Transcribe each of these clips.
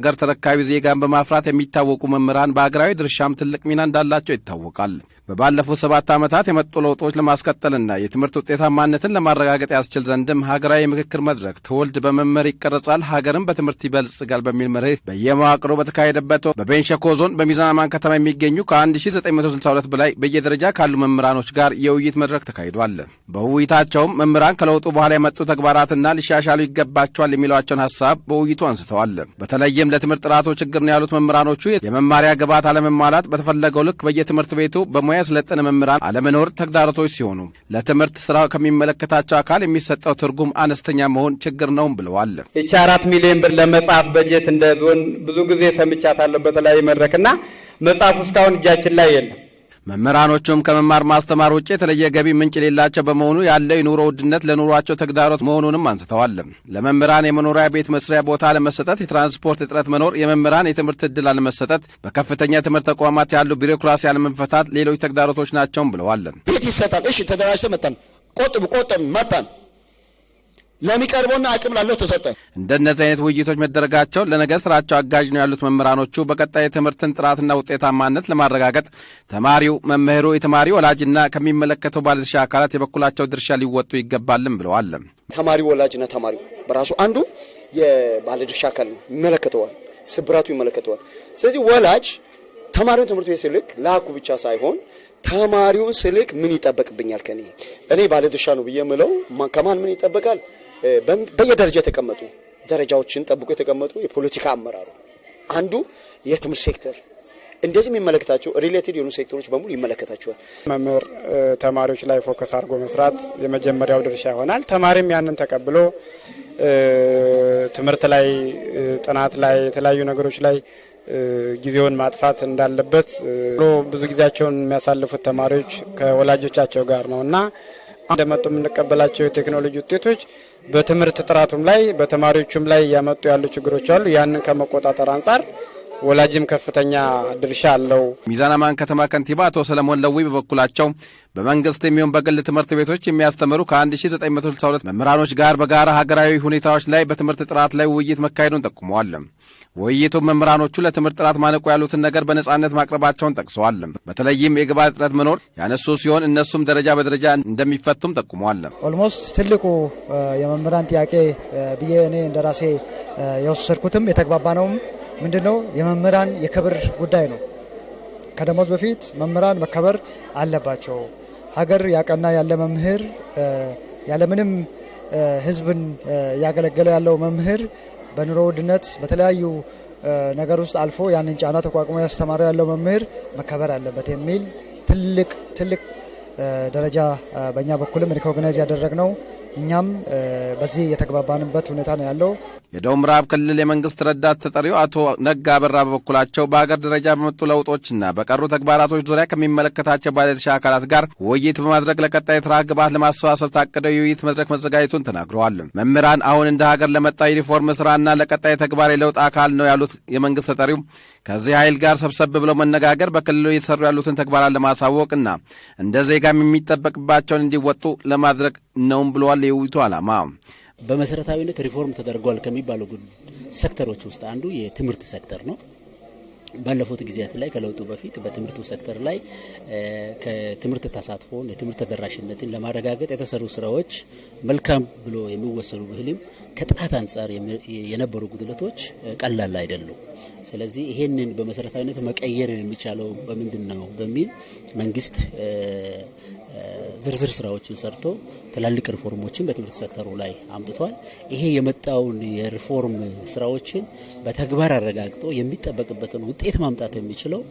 ሀገር ተረካቢ ዜጋን በማፍራት የሚታወቁ መምህራን በሀገራዊ ድርሻም ትልቅ ሚና እንዳላቸው ይታወቃል። በባለፉት ሰባት ዓመታት የመጡ ለውጦች ለማስቀጠልና የትምህርት ውጤታማነትን ለማረጋገጥ ያስችል ዘንድም ሀገራዊ የምክክር መድረክ ትውልድ በመምህር ይቀረጻል፣ ሀገርም በትምህርት ይበልጽጋል በሚል መርህ በየመዋቅሩ በተካሄደበት በቤንሸኮ ዞን በሚዛን አማን ከተማ የሚገኙ ከ1962 በላይ በየደረጃ ካሉ መምህራኖች ጋር የውይይት መድረክ ተካሂዷል። በውይይታቸውም መምህራን ከለውጡ በኋላ የመጡ ተግባራትና ሊሻሻሉ ይገባቸዋል የሚሏቸውን ሀሳብ በውይይቱ አንስተዋል። በተለይም ለትምህርት ጥራቶ ችግር ነው ያሉት መምህራኖቹ የመማሪያ ግብዓት አለመሟላት በተፈለገው ልክ በየትምህርት ቤቱ በሙያ በሙያ የሰለጠነ መምህራን አለመኖር ተግዳሮቶች ሲሆኑ ለትምህርት ስራ ከሚመለከታቸው አካል የሚሰጠው ትርጉም አነስተኛ መሆን ችግር ነውም ብለዋል። ይቺ አራት ሚሊዮን ብር ለመጽሐፍ በጀት እንደ ዞን ብዙ ጊዜ ሰምቻታለሁ በተለያየ መድረክና መጽሐፉ እስካሁን እጃችን ላይ የለም። መምህራኖቹም ከመማር ማስተማር ውጭ የተለየ ገቢ ምንጭ የሌላቸው በመሆኑ ያለው የኑሮ ውድነት ለኑሯቸው ተግዳሮት መሆኑንም አንስተዋል። ለመምህራን የመኖሪያ ቤት መስሪያ ቦታ አለመሰጠት፣ የትራንስፖርት እጥረት መኖር፣ የመምህራን የትምህርት እድል አለመሰጠት፣ በከፍተኛ የትምህርት ተቋማት ያሉ ቢሮክራሲ አለመፈታት ሌሎች ተግዳሮቶች ናቸውም ብለዋል። ቤት ይሰጣል። እሺ ተደራጅተን መጣን። ቆጥብ ቆጥብ መጣን ለሚቀርበውና አቅም ላለው ተሰጠ። እንደነዚህ አይነት ውይይቶች መደረጋቸው ለነገ ስራቸው አጋዥ ነው ያሉት መምህራኖቹ በቀጣይ የትምህርትን ጥራትና ውጤታማነት ለማረጋገጥ ተማሪው፣ መምህሩ፣ የተማሪ ወላጅና ከሚመለከተው ባለድርሻ አካላት የበኩላቸው ድርሻ ሊወጡ ይገባልም ብለዋል። ተማሪ ወላጅና ተማሪው በራሱ አንዱ የባለድርሻ አካል ነው፣ ይመለከተዋል፣ ስብራቱ ይመለከተዋል። ስለዚህ ወላጅ ተማሪውን ትምህርት ቤት ስልክ ላኩ ብቻ ሳይሆን ተማሪውን ስልክ ምን ይጠበቅብኛል ከኔ እኔ ባለድርሻ ነው ብዬ ምለው ከማን ምን ይጠበቃል በየደረጃ የተቀመጡ ደረጃዎችን ጠብቆ የተቀመጡ የፖለቲካ አመራሩ አንዱ የትምህርት ሴክተር እንደዚህ የሚመለከታቸው ሪሌትድ የሆኑ ሴክተሮች በሙሉ ይመለከታቸዋል። መምህር ተማሪዎች ላይ ፎከስ አድርጎ መስራት የመጀመሪያው ድርሻ ይሆናል። ተማሪም ያንን ተቀብሎ ትምህርት ላይ፣ ጥናት ላይ፣ የተለያዩ ነገሮች ላይ ጊዜውን ማጥፋት እንዳለበት ብዙ ጊዜያቸውን የሚያሳልፉት ተማሪዎች ከወላጆቻቸው ጋር ነው እና እንደመጡ የምንቀበላቸው የቴክኖሎጂ ውጤቶች በትምህርት ጥራቱም ላይ በተማሪዎቹም ላይ እያመጡ ያሉ ችግሮች አሉ። ያንን ከመቆጣጠር አንጻር ወላጅም ከፍተኛ ድርሻ አለው። ሚዛን አማን ከተማ ከንቲባ አቶ ሰለሞን ለዊ በበኩላቸው በመንግስት የሚሆን በግል ትምህርት ቤቶች የሚያስተምሩ ከ1962 መምህራኖች ጋር በጋራ ሀገራዊ ሁኔታዎች ላይ በትምህርት ጥራት ላይ ውይይት መካሄዱን ጠቁመዋል። ውይይቱ መምህራኖቹ ለትምህርት ጥራት ማነቆ ያሉትን ነገር በነጻነት ማቅረባቸውን ጠቅሰዋል። በተለይም የግብዓት እጥረት መኖር ያነሱ ሲሆን እነሱም ደረጃ በደረጃ እንደሚፈቱም ጠቁመዋል። ኦልሞስት ትልቁ የመምህራን ጥያቄ ብዬ እኔ እንደራሴ የወሰድኩትም የተግባባ ነውም ምንድነው የመምህራን የክብር ጉዳይ ነው። ከደሞዝ በፊት መምህራን መከበር አለባቸው። ሀገር ያቀና ያለ መምህር ያለምንም ህዝብን እያገለገለ ያለው መምህር በኑሮ ውድነት በተለያዩ ነገር ውስጥ አልፎ ያንን ጫና ተቋቁሞ ያስተማረ ያለው መምህር መከበር አለበት የሚል ትልቅ ትልቅ ደረጃ በእኛ በኩልም ሪኮግናይዝ ነው እኛም በዚህ የተግባባንበት ሁኔታ ነው ያለው። የደቡብ ምዕራብ ክልል የመንግሥት ረዳት ተጠሪው አቶ ነጋ አበራ በበኩላቸው በአገር ደረጃ በመጡ ለውጦችና በቀሩ ተግባራቶች ዙሪያ ከሚመለከታቸው ባለድርሻ አካላት ጋር ውይይት በማድረግ ለቀጣይ የሥራ ግብዓት ለማሰባሰብ ታቅደው የውይይት መድረክ መዘጋጀቱን ተናግረዋል። መምህራን አሁን እንደ ሀገር ለመጣ ዩኒፎርም ስራና ለቀጣይ ተግባር የለውጥ አካል ነው ያሉት የመንግሥት ተጠሪው ከዚህ ኃይል ጋር ሰብሰብ ብለው መነጋገር፣ በክልሉ እየተሰሩ ያሉትን ተግባራት ለማሳወቅና እንደ ዜጋም የሚጠበቅባቸውን እንዲወጡ ለማድረግ ነውም ብለዋል የውይይቱ ዓላማ በመሰረታዊነት ሪፎርም ተደርጓል ከሚባሉ ሴክተሮች ውስጥ አንዱ የትምህርት ሴክተር ነው። ባለፉት ጊዜያት ላይ ከለውጡ በፊት በትምህርቱ ሴክተር ላይ ከትምህርት ተሳትፎን የትምህርት ተደራሽነትን ለማረጋገጥ የተሰሩ ስራዎች መልካም ብሎ የሚወሰዱ ብህልም ከጥራት አንጻር የነበሩ ጉድለቶች ቀላል አይደሉም። ስለዚህ ይሄንን በመሰረታዊነት መቀየር የሚቻለው በምንድን ነው በሚል መንግስት ዝርዝር ስራዎችን ሰርቶ ትላልቅ ሪፎርሞችን በትምህርት ሴክተሩ ላይ አምጥቷል። ይሄ የመጣውን የሪፎርም ስራዎችን በተግባር አረጋግጦ የሚጠበቅበትን ውጤት ማምጣት የሚችለው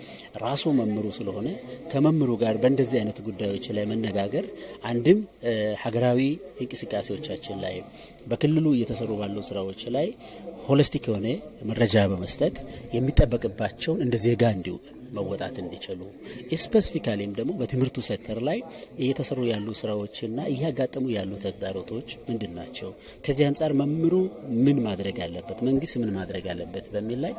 ራሱ መምህሩ ስለሆነ ከመምህሩ ጋር በእንደዚህ አይነት ጉዳዮች ላይ መነጋገር አንድም ሀገራዊ እንቅስቃሴዎቻችን ላይ በክልሉ እየተሰሩ ባሉ ስራዎች ላይ ሆለስቲክ የሆነ መረጃ በመስጠት የሚጠበቅባቸውን እንደ ዜጋ እንዲሁ መወጣት እንዲችሉ ስፔሲፊካሊም ደግሞ በትምህርቱ ሴክተር ላይ እየተሰሩ ያሉ ስራዎችና እያጋጠሙ ያሉ ተግዳሮቶች ምንድን ናቸው? ከዚህ አንጻር መምህሩ ምን ማድረግ አለበት፣ መንግስት ምን ማድረግ አለበት በሚል ላይ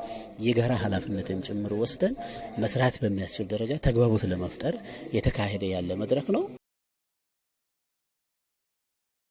የጋራ ኃላፊነትም ጭምር ወስደን መስራት በሚያስችል ደረጃ ተግባቦት ለመፍጠር የተካሄደ ያለ መድረክ ነው።